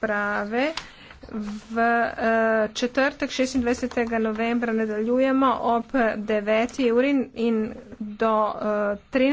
razprave. V eh, četrtek 26. novembra nadaljujemo ob 9. uri in do 13. Eh,